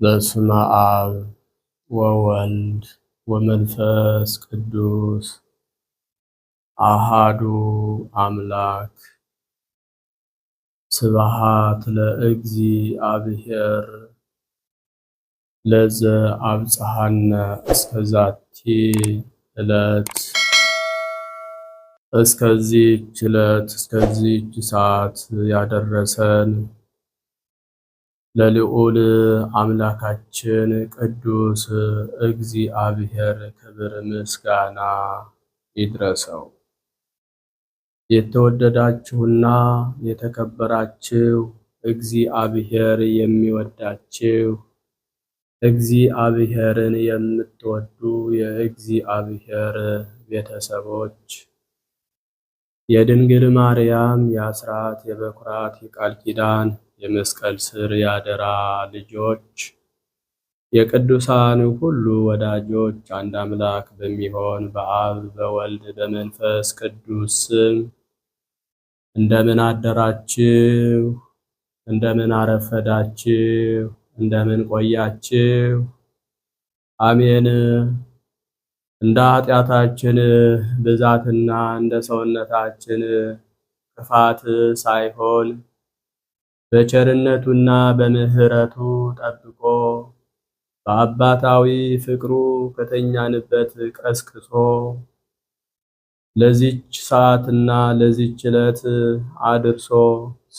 በስመ አብ ወወልድ ወመንፈስ ቅዱስ አሃዱ አምላክ ስብሃት ለእግዚአብሔር ለዘ አብጽሐነ እስከዛቲ ዕለት እስከዚህች ዕለት እስከዚህች ሰዓት ያደረሰን ለልዑል አምላካችን ቅዱስ እግዚአብሔር ክብር ምስጋና ይድረሰው። የተወደዳችሁና የተከበራችሁ እግዚአብሔር የሚወዳችሁ እግዚአብሔርን የምትወዱ የእግዚአብሔር ቤተሰቦች የድንግል ማርያም የአስራት የበኩራት የቃል ኪዳን የመስቀል ስር ያደራ ልጆች የቅዱሳን ሁሉ ወዳጆች አንድ አምላክ በሚሆን በአብ በወልድ በመንፈስ ቅዱስ ስም እንደምን አደራችሁ? እንደምን አረፈዳችሁ? እንደምን ቆያችሁ? አሜን። እንደ ኃጢአታችን ብዛትና እንደ ሰውነታችን ክፋት ሳይሆን በቸርነቱና በምሕረቱ ጠብቆ በአባታዊ ፍቅሩ ከተኛንበት ቀስቅሶ ለዚች ሰዓትና ለዚች ዕለት አድርሶ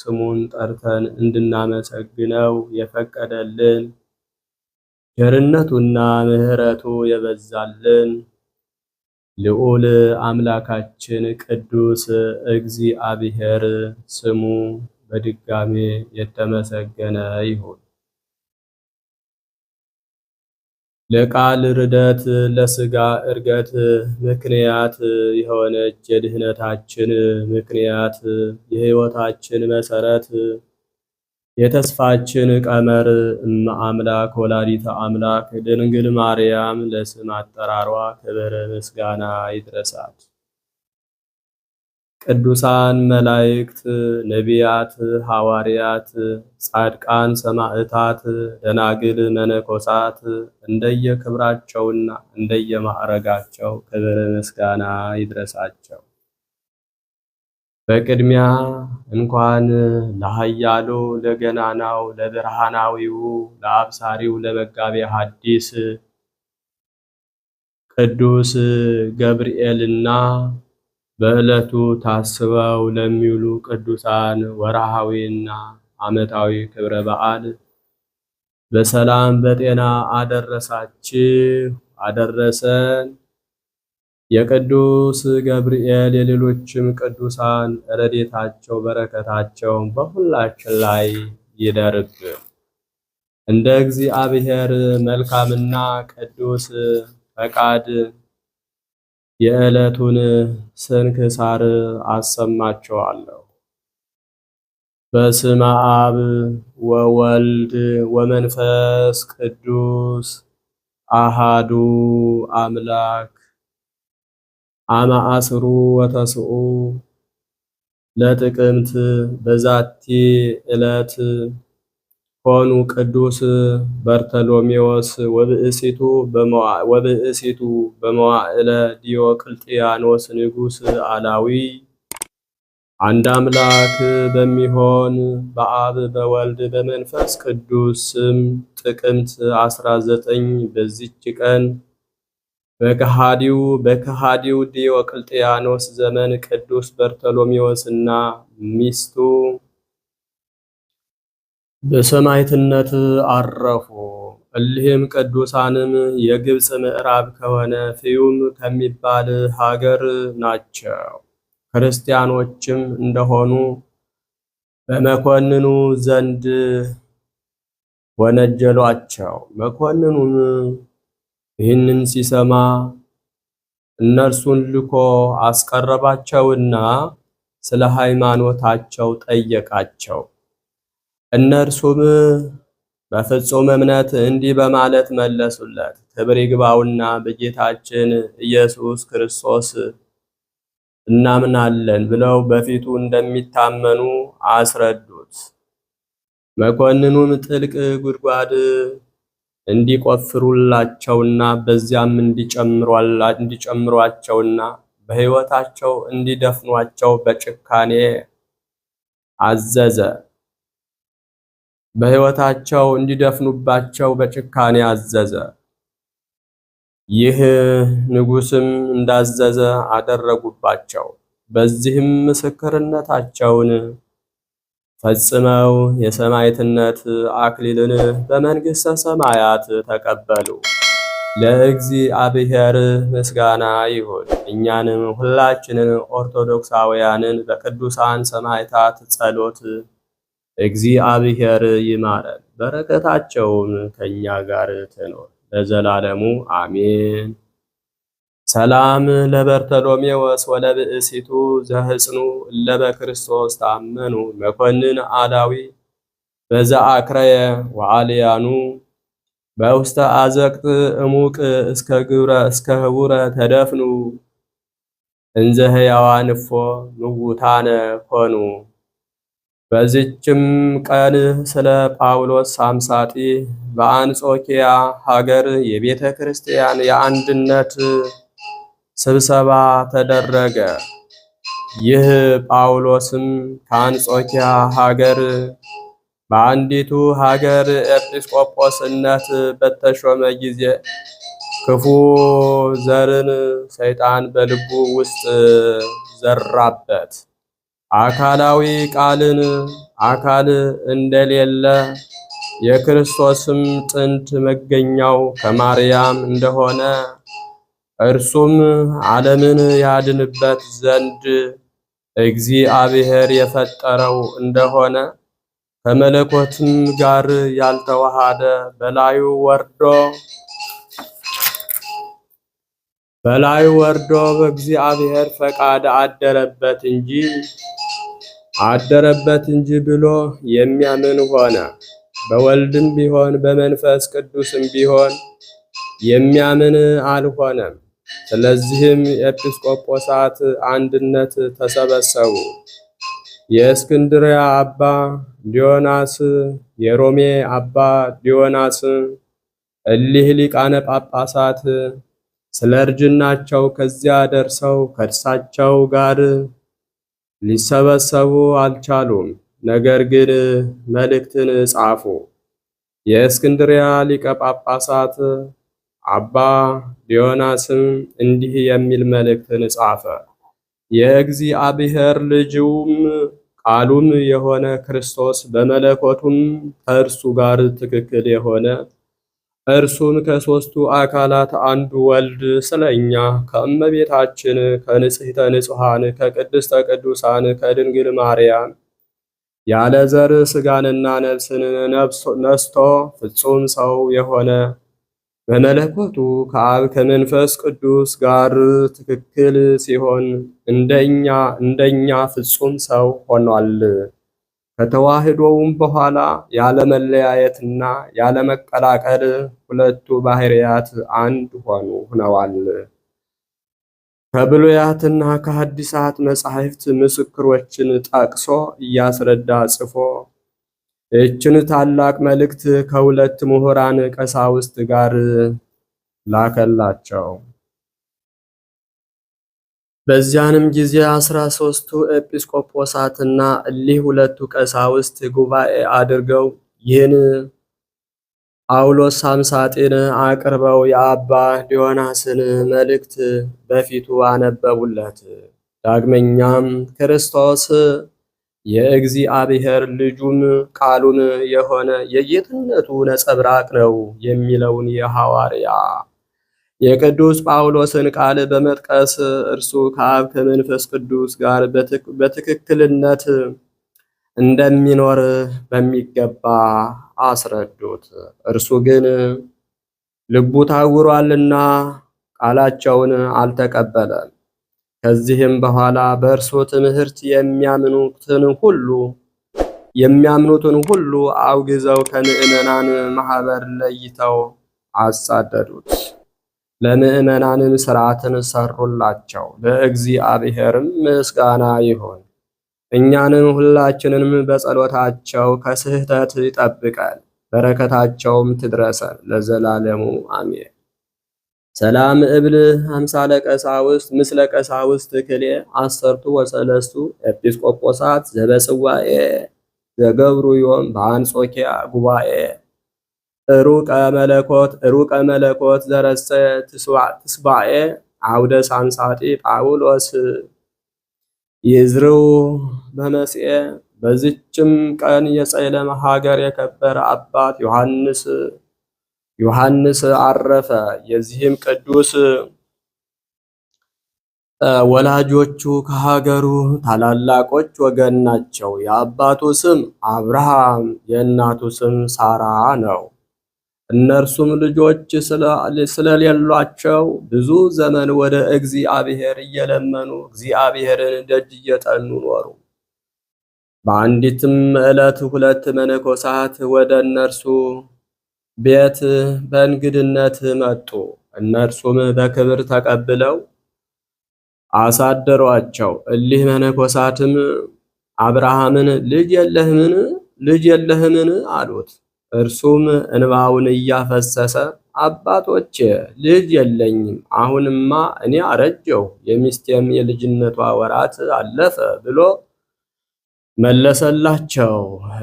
ስሙን ጠርተን እንድናመሰግነው የፈቀደልን ቸርነቱና ምሕረቱ የበዛልን ልዑል አምላካችን ቅዱስ እግዚአብሔር ስሙ በድጋሜ የተመሰገነ ይሁን። ለቃል ርደት ለስጋ እርገት ምክንያት የሆነች የድህነታችን ምክንያት የህይወታችን መሰረት የተስፋችን ቀመር እመ አምላክ ወላዲተ አምላክ ድንግል ማርያም ለስም አጠራሯ ክብር ምስጋና ይድረሳት። ቅዱሳን መላእክት፣ ነቢያት፣ ሐዋርያት፣ ጻድቃን፣ ሰማዕታት፣ ደናግል፣ መነኮሳት እንደየክብራቸውና እንደየማዕረጋቸው ክብር ምስጋና ይድረሳቸው። በቅድሚያ እንኳን ለኃያሉ ለገናናው ለብርሃናዊው ለአብሳሪው ለመጋቤ ሐዲስ ቅዱስ ገብርኤልና በዕለቱ ታስበው ለሚውሉ ቅዱሳን ወርሃዊና ዓመታዊ ክብረ በዓል በሰላም በጤና አደረሳችሁ አደረሰን። የቅዱስ ገብርኤል የሌሎችም ቅዱሳን ረዴታቸው በረከታቸው በሁላችን ላይ ይደርብ። እንደ እግዚአብሔር መልካምና ቅዱስ ፈቃድ የዕለቱን ስንክሳር አሰማቸዋለሁ። በስመ አብ ወወልድ ወመንፈስ ቅዱስ አሃዱ አምላክ አመ ዐሥሩ ወተስዑ ለጥቅምት በዛቲ ዕለት ሆኑ ቅዱስ በርተሎሜዎስ ወብእሴቱ በመዋዕለ ዲዮቅልጥያኖስ ንጉሥ አላዊ አንድ አምላክ በሚሆን በአብ በወልድ በመንፈስ ቅዱስ ስም ጥቅምት 19 በዚች ቀን በከሃዲው በከሃዲው ዲዮቅልጥያኖስ ዘመን ቅዱስ እና ሚስቱ በሰማይትነት አረፉ። እሊህም ቅዱሳንም የግብፅ ምዕራብ ከሆነ ፍዩም ከሚባል ሀገር ናቸው። ክርስቲያኖችም እንደሆኑ በመኮንኑ ዘንድ ወነጀሏቸው። መኮንኑም ይህንን ሲሰማ እነርሱን ልኮ አስቀረባቸውና ስለ ሃይማኖታቸው ጠየቃቸው። እነርሱም በፍጹም እምነት እንዲህ በማለት መለሱለት፣ ክብር ይግባውና በጌታችን ኢየሱስ ክርስቶስ እናምናለን ብለው በፊቱ እንደሚታመኑ አስረዱት። መኮንኑም ጥልቅ ጉድጓድ እንዲቆፍሩላቸውና በዚያም እንዲጨምሯቸውና በሕይወታቸው እንዲደፍኗቸው በጭካኔ አዘዘ። በሕይወታቸው እንዲደፍኑባቸው በጭካኔ አዘዘ። ይህ ንጉስም እንዳዘዘ አደረጉባቸው። በዚህም ምስክርነታቸውን ፈጽመው የሰማዕትነት አክሊልን በመንግሥተ ሰማያት ተቀበሉ። ለእግዚአብሔር ምስጋና ይሁን። እኛንም ሁላችንን ኦርቶዶክሳውያንን በቅዱሳን ሰማዕታት ጸሎት እግዚአብሔር ይማረን፣ በረከታቸውም ከኛ ጋር ትኖር ለዘላለሙ አሜን። ሰላም ለበርተሎሜዎስ ወለብእሲቱ ዘህጽኑ ለበክርስቶስ ታመኑ መኮንን አላዊ በዘአክረየ ወአልያኑ በውስተ አዘቅት እሙቅ እስከ ግብረ እስከ ህቡረ ተደፍኑ እንዘ ህያዋን እፎ ምውታነ ኮኑ በዚችም ቀን ስለ ጳውሎስ አምሳጢ በአንጾኪያ ሀገር የቤተ ክርስቲያን የአንድነት ስብሰባ ተደረገ። ይህ ጳውሎስም ከአንጾኪያ ሀገር በአንዲቱ ሀገር ኤጲስቆጶስነት በተሾመ ጊዜ ክፉ ዘርን ሰይጣን በልቡ ውስጥ ዘራበት። አካላዊ ቃልን አካል እንደሌለ የክርስቶስም ጥንት መገኛው ከማርያም እንደሆነ እርሱም ዓለምን ያድንበት ዘንድ እግዚአብሔር የፈጠረው እንደሆነ ከመለኮትም ጋር ያልተዋሃደ በላዩ ወርዶ በላዩ ወርዶ በእግዚአብሔር ፈቃድ አደረበት እንጂ አደረበት እንጂ ብሎ የሚያምን ሆነ። በወልድም ቢሆን በመንፈስ ቅዱስም ቢሆን የሚያምን አልሆነም። ስለዚህም ኤጲስቆጶሳት አንድነት ተሰበሰቡ። የእስክንድሪያ አባ ዲዮናስ፣ የሮሜ አባ ዲዮናስ እሊህ ሊቃነ ጳጳሳት ስለ እርጅናቸው ከዚያ ደርሰው ከእርሳቸው ጋር ሊሰበሰቡ አልቻሉም። ነገር ግን መልእክትን ጻፉ። የእስክንድሪያ ሊቀ ጳጳሳት አባ ዲዮናስም እንዲህ የሚል መልእክትን ጻፈ። የእግዚአብሔር ልጅውም ቃሉም የሆነ ክርስቶስ በመለኮቱም ከእርሱ ጋር ትክክል የሆነ እርሱም ከሦስቱ አካላት አንዱ ወልድ ስለኛ እኛ ከእመቤታችን ከንጽሕተ ንጹሐን ከቅድስተ ቅዱሳን ከድንግል ማርያም ያለ ዘር ሥጋንና ነፍስን ነስቶ ፍጹም ሰው የሆነ በመለኮቱ ከአብ ከመንፈስ ቅዱስ ጋር ትክክል ሲሆን እንደኛ እንደኛ ፍጹም ሰው ሆኗል። ከተዋህዶውም በኋላ ያለመለያየትና ያለመቀላቀል ሁለቱ ባህርያት አንድ ሆኑ ሆነዋል። ከብሉያትና ከሐዲሳት መጻሕፍት ምስክሮችን ጠቅሶ እያስረዳ ጽፎ ይችን ታላቅ መልእክት ከሁለት ምሁራን ቀሳውስት ጋር ላከላቸው። በዚያንም ጊዜ አስራ ሦስቱ ኤጲስቆጶሳትና እሊህ ሁለቱ ቀሳውስት ጉባኤ አድርገው ይህን ጳውሎስ ሳምሳጤን አቅርበው የአባ ዲዮናስን መልእክት በፊቱ አነበቡለት። ዳግመኛም ክርስቶስ የእግዚአብሔር ልጁም ቃሉም የሆነ የጌትነቱ ነጸብራቅ ነው የሚለውን የሐዋርያ የቅዱስ ጳውሎስን ቃል በመጥቀስ እርሱ ከአብ ከመንፈስ ቅዱስ ጋር በትክክልነት እንደሚኖር በሚገባ አስረዱት። እርሱ ግን ልቡ ታውሯልና ቃላቸውን አልተቀበለም። ከዚህም በኋላ በእርሱ ትምህርት የሚያምኑትን ሁሉ የሚያምኑትን ሁሉ አውግዘው ከምዕመናን ማህበር ለይተው አሳደዱት። ለምእመናንም ስርዓትን ሰሩላቸው። ለእግዚአብሔርም ምስጋና ይሁን። እኛንም ሁላችንንም በጸሎታቸው ከስህተት ይጠብቀን፣ በረከታቸውም ትድረሰን ለዘላለሙ አሜን። ሰላም እብል አምሳለ ቀሳውስት ምስለ ቀሳውስት ክሌ አሰርቱ ወሰለስቱ ኤጲስቆጶሳት ዘበጽዋኤ ዘገብሩዮም በአንጾኪያ ጉባኤ ሩቀ መለኮት ሩቀ መለኮት ዘረሰ ትስባኤ አውደ ሳንሳጢ ጳውሎስ ይዝርው በመስኤ። በዚችም ቀን የጸይለም ሀገር የከበረ አባት ዮሐንስ ዮሐንስ አረፈ። የዚህም ቅዱስ ወላጆቹ ከሀገሩ ታላላቆች ወገን ናቸው። የአባቱ ስም አብርሃም፣ የእናቱ ስም ሳራ ነው። እነርሱም ልጆች ስለሌሏቸው ብዙ ዘመን ወደ እግዚአብሔር እየለመኑ እግዚአብሔርን ደጅ እየጠኑ ኖሩ። በአንዲትም ዕለት ሁለት መነኮሳት ወደ እነርሱ ቤት በእንግድነት መጡ። እነርሱም በክብር ተቀብለው አሳደሯቸው። እሊህ መነኮሳትም አብርሃምን ልጅ የለህምን? ልጅ የለህምን? አሉት። እርሱም እንባውን እያፈሰሰ አባቶቼ ልጅ የለኝም፣ አሁንማ እኔ አረጀው የሚስቴም የልጅነቷ ወራት አለፈ ብሎ መለሰላቸው።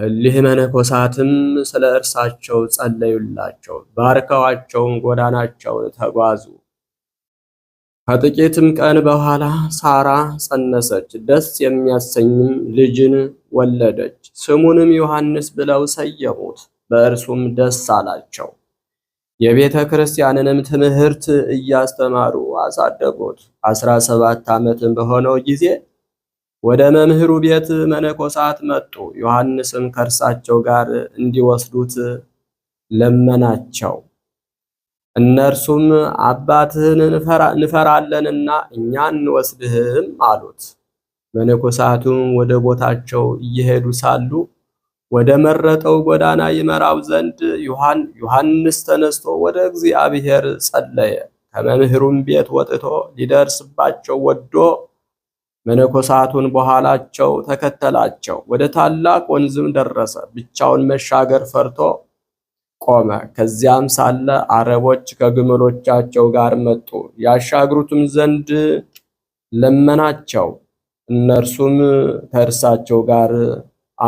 እሊህ መነኮሳትም ስለ እርሳቸው ጸለዩላቸው፣ ባርከዋቸውን ጎዳናቸውን ተጓዙ። ከጥቂትም ቀን በኋላ ሳራ ጸነሰች፣ ደስ የሚያሰኝም ልጅን ወለደች። ስሙንም ዮሐንስ ብለው ሰየሙት። በእርሱም ደስ አላቸው። የቤተ ክርስቲያንንም ትምህርት እያስተማሩ አሳደጉት። አስራ ሰባት ዓመትም በሆነው ጊዜ ወደ መምህሩ ቤት መነኮሳት መጡ። ዮሐንስም ከእርሳቸው ጋር እንዲወስዱት ለመናቸው። እነርሱም አባትህን እንፈራለንና እኛ እንወስድህም አሉት። መነኮሳቱም ወደ ቦታቸው እየሄዱ ሳሉ ወደ መረጠው ጎዳና ይመራው ዘንድ ዮሐንስ ተነስቶ ወደ እግዚአብሔር ጸለየ። ከመምህሩም ቤት ወጥቶ ሊደርስባቸው ወዶ መነኮሳቱን በኋላቸው ተከተላቸው። ወደ ታላቅ ወንዝም ደረሰ። ብቻውን መሻገር ፈርቶ ቆመ። ከዚያም ሳለ አረቦች ከግመሎቻቸው ጋር መጡ። ያሻግሩትም ዘንድ ለመናቸው። እነርሱም ከእርሳቸው ጋር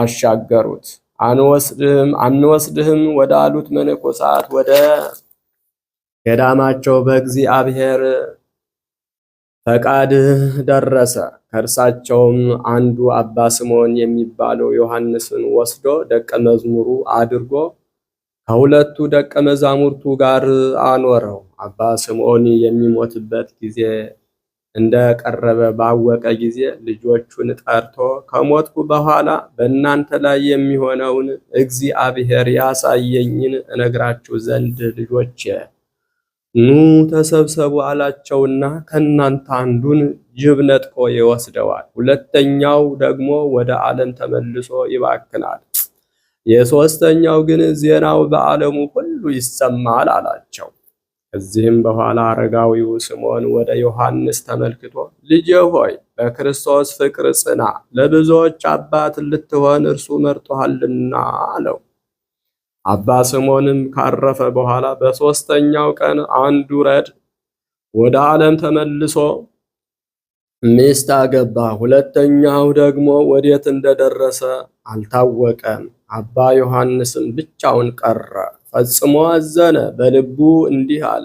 አሻገሩት። አንወስድህም አንወስድህም ወዳሉት መነኮሳት ወደ ገዳማቸው በእግዚአብሔር ፈቃድ ደረሰ። ከእርሳቸውም አንዱ አባ ስምዖን የሚባለው ዮሐንስን ወስዶ ደቀ መዝሙሩ አድርጎ ከሁለቱ ደቀ መዛሙርቱ ጋር አኖረው። አባ ስምዖን የሚሞትበት ጊዜ እንደቀረበ ባወቀ ጊዜ ልጆቹን ጠርቶ ከሞትኩ በኋላ በእናንተ ላይ የሚሆነውን እግዚአብሔር ያሳየኝን እነግራችሁ ዘንድ ልጆቼ ኑ ተሰብሰቡ አላቸውና ከእናንተ አንዱን ጅብ ነጥቆ ይወስደዋል፣ ሁለተኛው ደግሞ ወደ ዓለም ተመልሶ ይባክናል፣ የሦስተኛው ግን ዜናው በዓለሙ ሁሉ ይሰማል አላቸው። ከዚህም በኋላ አረጋዊው ስምዖን ወደ ዮሐንስ ተመልክቶ ልጄ ሆይ በክርስቶስ ፍቅር ጽና፣ ለብዙዎች አባት ልትሆን እርሱ መርጦሃልና አለው። አባ ስምዖንም ካረፈ በኋላ በሦስተኛው ቀን አንዱ ረድ ወደ ዓለም ተመልሶ ሚስት አገባ። ሁለተኛው ደግሞ ወዴት እንደደረሰ አልታወቀም። አባ ዮሐንስም ብቻውን ቀረ። ፈጽሞ አዘነ፣ በልቡ እንዲህ አለ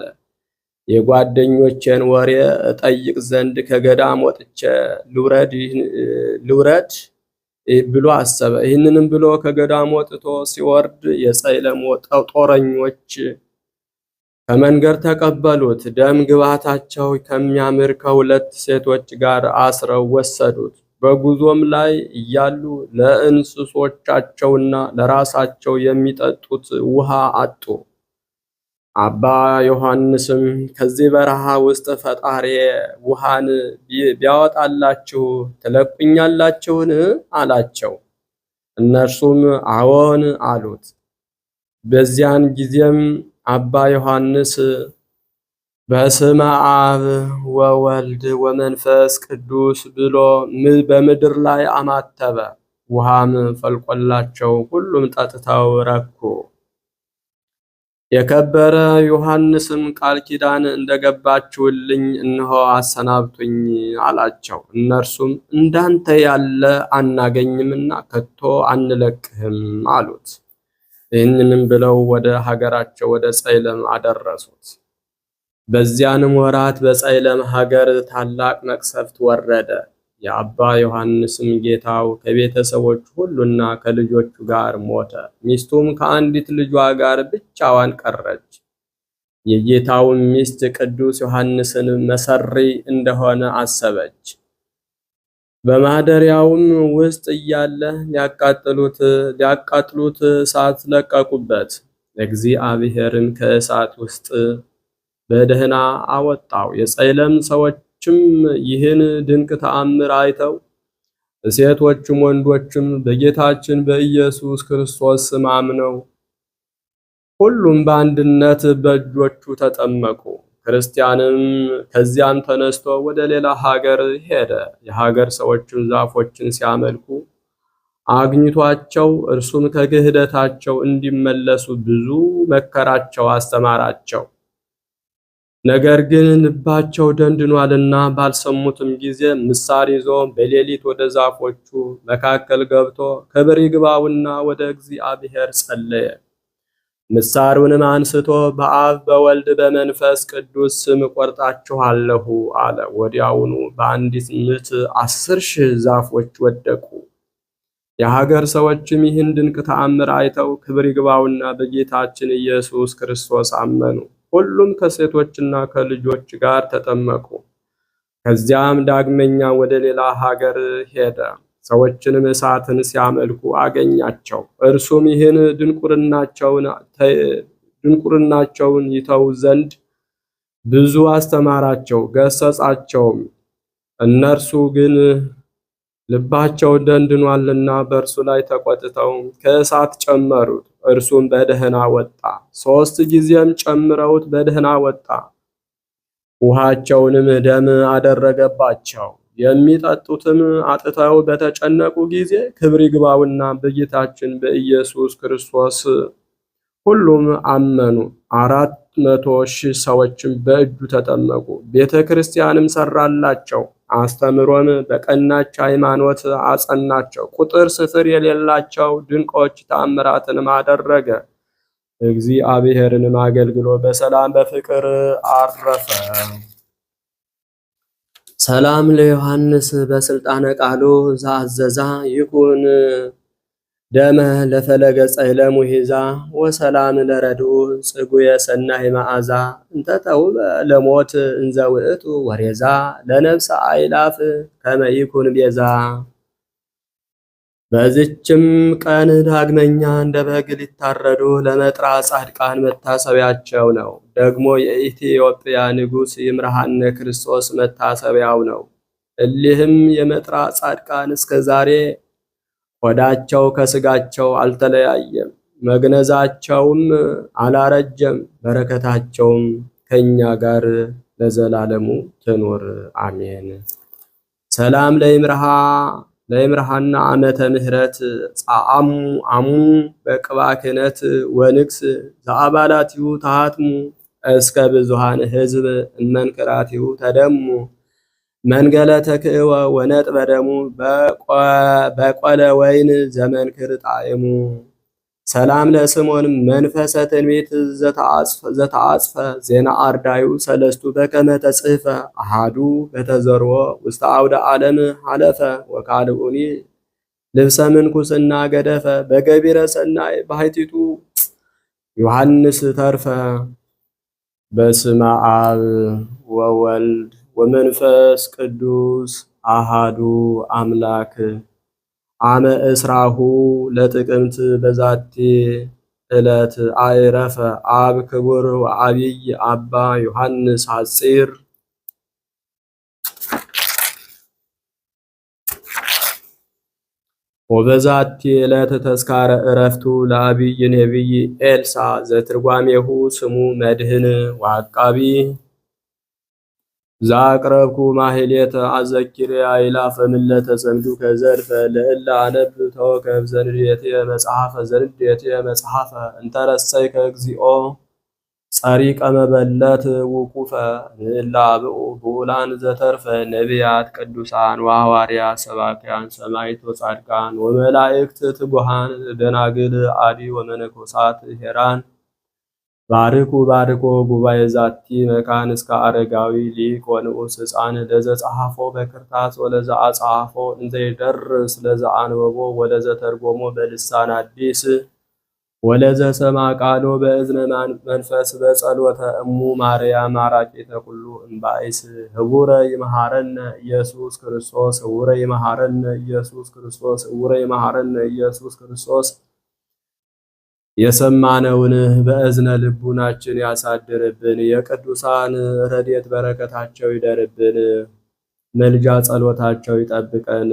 የጓደኞቼን ወሬ እጠይቅ ዘንድ ከገዳም ወጥቼ ልውረድ ብሎ አሰበ። ይህንንም ብሎ ከገዳም ወጥቶ ሲወርድ የጸይለም ጦረኞች ከመንገድ ተቀበሉት። ደም ግባታቸው ከሚያምር ከሁለት ሴቶች ጋር አስረው ወሰዱት። በጉዞም ላይ እያሉ ለእንስሶቻቸውና ለራሳቸው የሚጠጡት ውሃ አጡ። አባ ዮሐንስም ከዚህ በረሃ ውስጥ ፈጣሪ ውሃን ቢያወጣላችሁ ትለቁኛላችሁን? አላቸው። እነርሱም አዎን አሉት። በዚያን ጊዜም አባ ዮሐንስ በስመ አብ ወወልድ ወመንፈስ ቅዱስ ብሎ በምድር ላይ አማተበ። ውሃም ፈልቆላቸው ሁሉም ጠጥተው ረኩ። የከበረ ዮሐንስም ቃል ኪዳን እንደገባችሁልኝ እንሆ አሰናብቱኝ አላቸው። እነርሱም እንዳንተ ያለ አናገኝምና ከቶ አንለቅህም አሉት። ይህንንም ብለው ወደ ሀገራቸው ወደ ጸይለም አደረሱት። በዚያንም ወራት በጸይለም ሀገር ታላቅ መቅሰፍት ወረደ። የአባ ዮሐንስም ጌታው ከቤተሰቦቹ ሁሉና ከልጆቹ ጋር ሞተ። ሚስቱም ከአንዲት ልጇ ጋር ብቻዋን ቀረች። የጌታውን ሚስት ቅዱስ ዮሐንስን መሰሪ እንደሆነ አሰበች። በማደሪያውም ውስጥ እያለ ሊያቃጥሉት ሊያቃጥሉት እሳት ለቀቁበት። እግዚአብሔርም ከእሳት ውስጥ በደህና አወጣው። የጸይለም ሰዎችም ይህን ድንቅ ተአምር አይተው ሴቶችም ወንዶችም በጌታችን በኢየሱስ ክርስቶስ ስም አምነው ሁሉም በአንድነት በእጆቹ ተጠመቁ። ክርስቲያንም ከዚያም ተነስቶ ወደ ሌላ ሀገር ሄደ። የሀገር ሰዎችም ዛፎችን ሲያመልኩ አግኝቷቸው እርሱም ከክህደታቸው እንዲመለሱ ብዙ መከራቸው፣ አስተማራቸው። ነገር ግን ልባቸው ደንድኗልና ባልሰሙትም ጊዜ ምሳር ይዞ በሌሊት ወደ ዛፎቹ መካከል ገብቶ ክብር ይግባውና ወደ እግዚአብሔር ጸለየ። ምሳሩንም አንስቶ በአብ በወልድ በመንፈስ ቅዱስ ስም ቆርጣችኋለሁ አለ። ወዲያውኑ በአንዲት ምት አስር ሺህ ዛፎች ወደቁ። የሀገር ሰዎችም ይህን ድንቅ ተአምር አይተው ክብር ይግባውና በጌታችን ኢየሱስ ክርስቶስ አመኑ። ሁሉም ከሴቶችና ከልጆች ጋር ተጠመቁ። ከዚያም ዳግመኛ ወደ ሌላ ሀገር ሄደ። ሰዎችንም እሳትን ሲያመልኩ አገኛቸው። እርሱም ይህን ድንቁርናቸውን ይተው ዘንድ ብዙ አስተማራቸው፣ ገሰጻቸውም። እነርሱ ግን ልባቸው ደንድኗልና በእርሱ ላይ ተቆጥተው ከእሳት ጨመሩት። እርሱም በደህና ወጣ። ሶስት ጊዜም ጨምረውት በደህና ወጣ። ውሃቸውንም ደም አደረገባቸው። የሚጠጡትም አጥተው በተጨነቁ ጊዜ ክብር ይግባውና በጌታችን በኢየሱስ ክርስቶስ ሁሉም አመኑ። አራት መቶ ሺህ ሰዎችም በእጁ ተጠመቁ። ቤተ ክርስቲያንም ሰራላቸው። አስተምሮም በቀናች ሃይማኖት አጸናቸው። ቁጥር ስፍር የሌላቸው ድንቆች ታምራትንም አደረገ። እግዚአብሔርንም አገልግሎ በሰላም በፍቅር አረፈ። ሰላም ለዮሐንስ በስልጣነ ቃሉ ዛዘዛ ይኩን ደመ ለፈለገ ጸይለሙ ሂዛ ወሰላም ለረዱ ጽጉየ ሰናይ መዓዛ እንተጠውበ ለሞት እንዘ ውእቱ ወሬዛ ለነብሰ አይላፍ ከመይኩን ቤዛ። በዚችም ቀን ዳግመኛ እንደ በግ ሊታረዱ ለመጥራ ጻድቃን መታሰቢያቸው ነው። ደግሞ የኢትዮጵያ ንጉሥ ይምርሃነ ክርስቶስ መታሰቢያው ነው። እሊህም የመጥራ ጻድቃን እስከ ዛሬ ቆዳቸው ከስጋቸው አልተለያየም፣ መግነዛቸውም አላረጀም። በረከታቸውም ከኛ ጋር ለዘላለሙ ትኑር አሜን። ሰላም ለይምርሃ ለይምርሃና አመተ ምህረት ጻአሙ አሙ በቅባ ክህነት ወንግስ ዘአባላቲሁ እስከ ብዙሃን ህዝብ እመንክራቲሁ ተደሙ መንገለ ተክእወ ወነጥበ ደሙ በቆለ ወይን ዘመንክር ጣዕሙ ሰላም ለስሞን መንፈሰ ትንቢት ዘተአጽፈ ዜና አርዳዩ ሰለስቱ በከመ ተጽሕፈ አሃዱ በተዘርወ ውስተ አውደ ዓለም ሐለፈ ወካልኡኒ ልብሰ ምንኩስና ገደፈ በገቢረ ሰናይ ባሕቲቱ ዮሐንስ ተርፈ። በስመ አብ ወወልድ ወመንፈስ ቅዱስ አሃዱ አምላክ አመ እስራሁ ለጥቅምት በዛቴ ዕለት አይረፈ አብ ክቡር አቢይ አባ ዮሐንስ ሐጺር። ወበዛቲ ዕለት ተስካረ ዕረፍቱ ለአቢይ ነቢይ ኤልሳ ዘትርጓሜሁ ስሙ መድህን ወአቃቢ ዛቅረብኩ ማህሌተ አዘኪርያ ኢላፈ ምለተ ሰምዱከ ዘርፈ ለእለ አነብ ተወከብ ዘንዴትየ መጽሐፈ ዘንዴትየ መጽሐፈ እንተረሰይ ከእግዚኦ ጸሪቀ መበለት ውቁፈ ንእላ ብኡ ብኡላን ዘተርፈ ነቢያት ቅዱሳን ዋህዋርያ ሰባክያን ሰማይቶ ጻድቃን ወመላእክት ትጉሃን ደናግል አዲ ወመነኮሳት ሄራን ባርኩ ባርኮ ጉባኤ ዛቲ መካን እስከ አረጋዊ ሊቅ ወንዑስ ሕፃን ለዘጸሐፎ በክርታስ ወለዘ አጽሐፎ እንዘይደርስ ለዘ አንበቦ ወለዘ ተርጎሞ በልሳን አዲስ ወለዘ ሰማ ቃሎ በእዝነ መንፈስ በጸሎተ እሙ ማርያም ማራቂ ኩሉ እምባይስ ህቡረ ይመሃረነ ኢየሱስ ክርስቶስ ህቡረ ይመሃረነ ኢየሱስ ክርስቶስ ህቡረ ይመሃረነ ኢየሱስ ክርስቶስ የሰማነውን በእዝነ ልቡናችን ያሳድርብን። የቅዱሳን ረድኤት በረከታቸው ይደርብን። መልጃ ጸሎታቸው ይጠብቀን።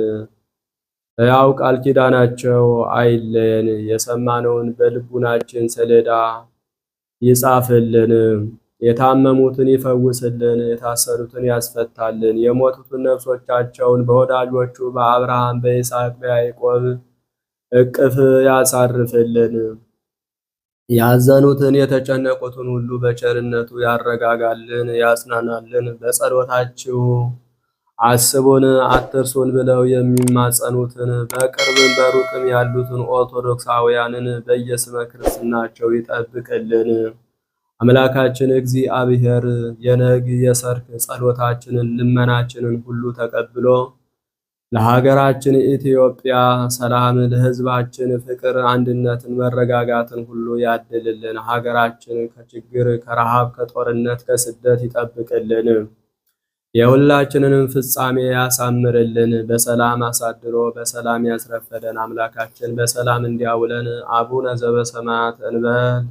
ያው ቃል ኪዳናቸው አይለየን። የሰማነውን በልቡናችን ሰሌዳ ይጻፍልን። የታመሙትን ይፈውስልን፣ የታሰሩትን ያስፈታልን። የሞቱትን ነፍሶቻቸውን በወዳጆቹ በአብርሃም በይስሐቅ በያዕቆብ እቅፍ ያሳርፍልን። ያዘኑትን የተጨነቁትን ሁሉ በቸርነቱ ያረጋጋልን ያጽናናልን። በጸሎታችሁ አስቡን አትርሱን ብለው የሚማጸኑትን በቅርብም በሩቅም ያሉትን ኦርቶዶክሳውያንን በየስመ ክርስትናቸው ይጠብቅልን። አምላካችን እግዚአብሔር የነግ የሰርክ ጸሎታችንን ልመናችንን ሁሉ ተቀብሎ ለሀገራችን ኢትዮጵያ ሰላም፣ ለህዝባችን ፍቅር፣ አንድነትን፣ መረጋጋትን ሁሉ ያድልልን። ሀገራችን ከችግር፣ ከረሃብ፣ ከጦርነት፣ ከስደት ይጠብቅልን። የሁላችንንም ፍጻሜ ያሳምርልን። በሰላም አሳድሮ በሰላም ያስረፈደን አምላካችን በሰላም እንዲያውለን። አቡነ ዘበሰማያት እንበል።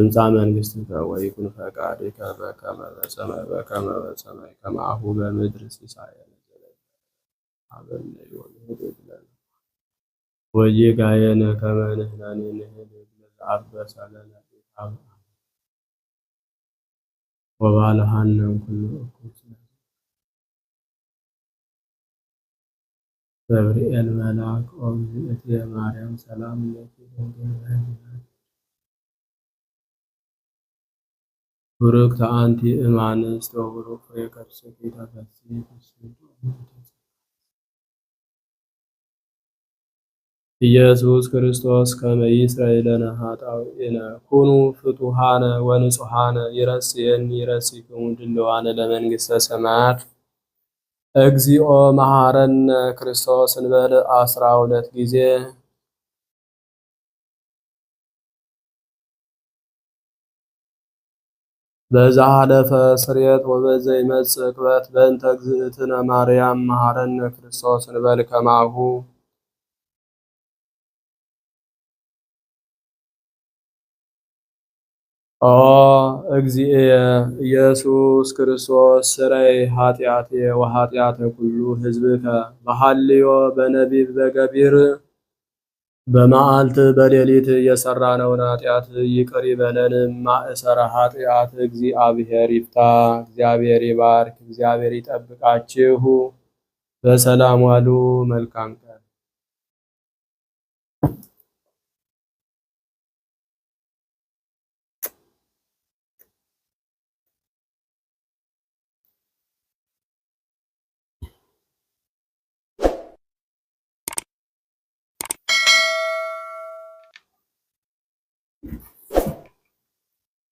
ህንፃ መንግስት ወይኩን ፈቃድከ በከመ በሰማይ ከማሁ በምድር ሲሳየ አበነ ወጌጋየነ ከመ ንሕነኒ ንህብ ለዘአበ ሰለነ ኢታብአል ወባልሐነን ኩሉ እኩል ገብርኤል መልአክ ኦ እግዝእትየ ማርያም ሰላም ለኪ ብሩክት አንቲ እማንስት ወቡሩክ ፍሬ ከርሥኪ ተፈሥሒ ኢየሱስ ክርስቶስ ከመ ይስረይለነ ኃጣውኢነ ኩኑ ፍቱሃነ ወንጹሃነ ይረስየኒ ይረስይክሙ ድልዋነ ለመንግሥተ ሰማያት እግዚኦ መሐረነ ክርስቶስ እንበል አስራ ሁለት ጊዜ። በዛ ሀለፈ ስርየት ወበዘ ይመጽእ ቅበት በእንተ እግዝእትነ ማርያም መሐረነ ክርስቶስ እንበል ከማሁ ኦ እግዚእየ ኢየሱስ ክርስቶስ ስረይ ኃጢአቴ ወኃጢአተ ኩሉ ሕዝብከ በሐልዮ በነቢብ በገቢር በመዓልት በሌሊት የሰራነውን ኃጢአት ይቅር ይበለን። ማእሰረ ኃጢአት እግዚአብሔር ይፍታ። እግዚአብሔር ይባርክ። እግዚአብሔር ይጠብቃችሁ። በሰላም ዋሉ። መልካም ቀን